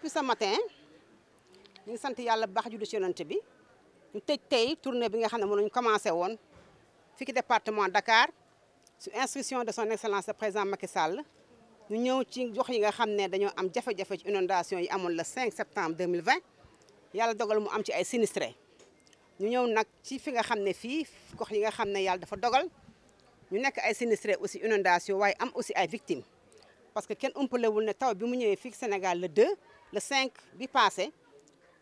depuis sa matin ñu sant yàlla bu baax ju ci yonent bi ñu tëj tey tournée bi nga xam ne moom ñu commencé woon fii ci département Dakar su instruction de son excellence le président Macky Sall ñu ñëw ci jox yi nga xam ne dañoo am jafe-jafe ci inondation yi amul la cinq septembre 2020 yàlla dogal mu am ci ay sinistrés ñu ñëw nag ci fi nga xam ne fii gox yi nga xam ne yàlla dafa dogal ñu nekk ay sinistré aussi inondation waaye am aussi ay victime parce que kenn ëmpalewul ne taw bi mu ñëwee fii Sénégal le 2 le cinq bi passé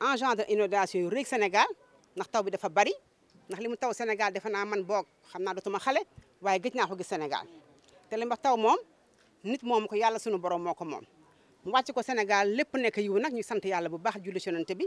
engendre inondation yu rëy senegal ndax taw bi dafa bari ndax li mu taw Sénégal defe naa man boog xam naa dootuma xale waaye gëj naa ko gis Sénégal te li ma taw moom nit moom ko yàlla sunu borom moo ko moom mu wàcc ko Sénégal lépp nekk yiw nag ñu sant yàlla bu baax julli ci Yonent bi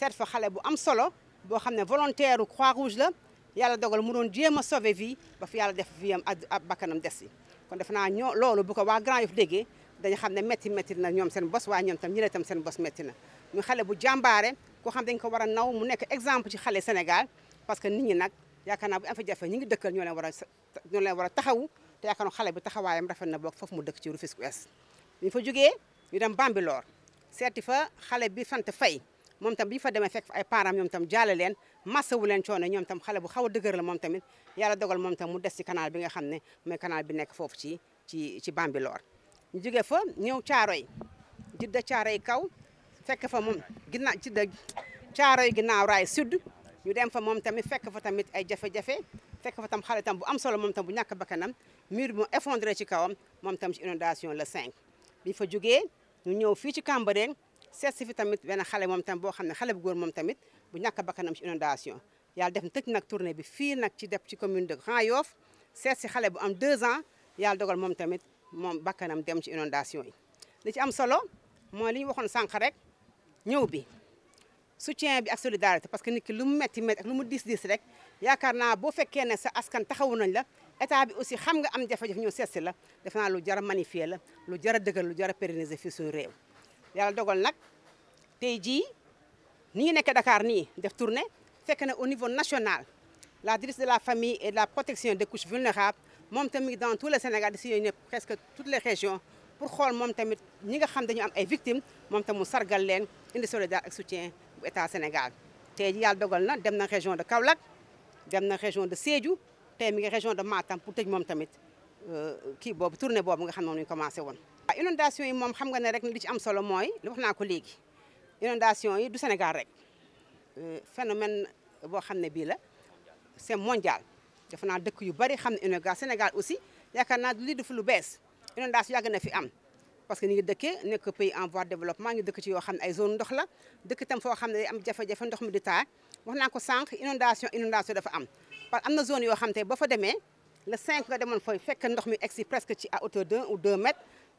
seet fa xale bu am solo boo xam ne volontaire croix rouge la yàlla dogal mu doon jéem a sauver vie ba fi yàlla def vie am ab bakkanam des yi kon defe naa ñoo loolu bu ko waa Grand Yoff déggee dañu xam ne métti métti na ñoom seen bos waaye ñoom tam ñu ne tam seen bos métti na ñu xale bu jàmbaare koo xam dañ ko war a naw mu nekk exemple ci xale Sénégal parce que nit ñi nag yaakaar naa bu am fa jafe ñi ngi dëkkal ñoo leen war a ñoo leen war a taxawu te yaakaar naa xale bi taxawaayam rafet na boog foofu mu dëkk ci Rufisque Ouest ñu fa jógee ñu dem Bambilor seeti fa xale bi sant Faye moom tam bi fa demee fekk ay parent ñoom tam jaale leen massawu leen coono ñoom tam xale bu xaw a dëgër la moom tamit yàlla dogal moom tam mu des ci canal bi nga xam ne mooy bi nekk foofu ci ci ci Bambilor ñu jógee fa ñëw Caaroy jidda Caaroy kaw fekk fa moom ginnaaw jidda Caaroy ginnaaw raay sud ñu dem fa moom tamit fekk fa tamit ay jafe-jafe tam xale tam bu am solo moom bu ñàkk bakkanam mur mu effondré ci kawam moom tam ci inondation le 5 bi fa jógee ñu ñëw fii ci Cambérène seet fi tamit ben xale mom tam bo xamné xale bu góor mom tamit bu ñàkk bakanam ci inondation yàlla def na tëj nag tournée bi fi nak ci def ci commune de Grand Yoff seet xale bu am 2 ans yàlla dogal mom tamit mom bakanam dem ci inondation yi li ci am solo mo li waxon sank rek ñëw bi soutien bi ak solidarité parce que nit ki lu mu metti met ak lu mu dis dis rek yaakaar naa boo fekkee ne sa askan taxawu nañ la état bi aussi xam nga am jafe-jafe ñu seet la def naa lu jara manifier la lu jara deugal lu jara pérenniser fi suñu réew yalla dogal nak tey ni ñu nekk Dakar ni def tourner fekk na au niveau national la directrice de la famille et de la protection des couches vulnérables mom tamit dans tout le Sénégal ci presque toutes les régions pour xol mom tamit ñi nga xam dañu am ay victimes mom tamit mu sargal leen indi solidarité ak soutien bu état Sénégal tey jii yàlla dogal na dem na région de Kaolack dem na région de Sédhiou tay mi région de Matam pour que mom tamit euh, ki bobu tourner bobu nga xam ne ñu commencé won inondation yi moom xam nga ne rek li ci am solo mooy wax naa ko léegi inondation yi du Sénégal rek phénomène boo xam ne bii la c'est mondial def naa dëkk yu bari xam inondation Sénégal aussi yaakaar naa lii dafa lu bees inondation yàgg na fi am parce que ni ngi dëkkee pays en voie de développement ñu dëkk ci yoo xam ne ay zone ndox la dëkk itam foo xam ne day am jafe-jafe ndox mi di taa wax naa ko sànq inondation inondation dafa am parce que am na zone yoo xam te ba fa demee le 5 nga demoon fooy fekk ndox mi egsi presque ci à hauteur de 1 ou 2 mètres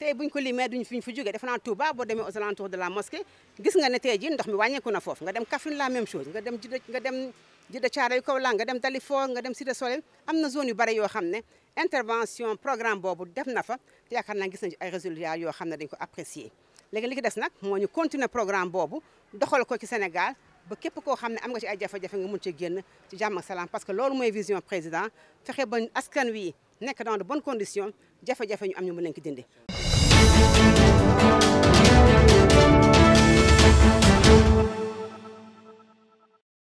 tey buñ ko limé duñ fiñ fu joggé defe naa Touba bo démé aux alentours de la mosquée gis nga né tey jii ndox mi wàññeeku na fof nga dem Kaffrine la même chose nga dem Jidda nga dem Jidda ko Kaolack nga dem Dalifort nga dem Cité Soleil amna zone yu bari yo xamné intervention programme bobu def na fa te yaakaar gis nañ ay résultats yo xamné dañ ko apprécier légui li ki des nag moo continuer programme bobu doxal ko ci Sénégal ba képp koo xam ne am nga ci ay jafe-jafe nga mun ci génn ci jàmm ak salaam parce que loolu mooy vision président fexe ba askan wi nekk dans de bonnes conditions jafe-jafe ñu am ñu mën leen ko dindi Thank you.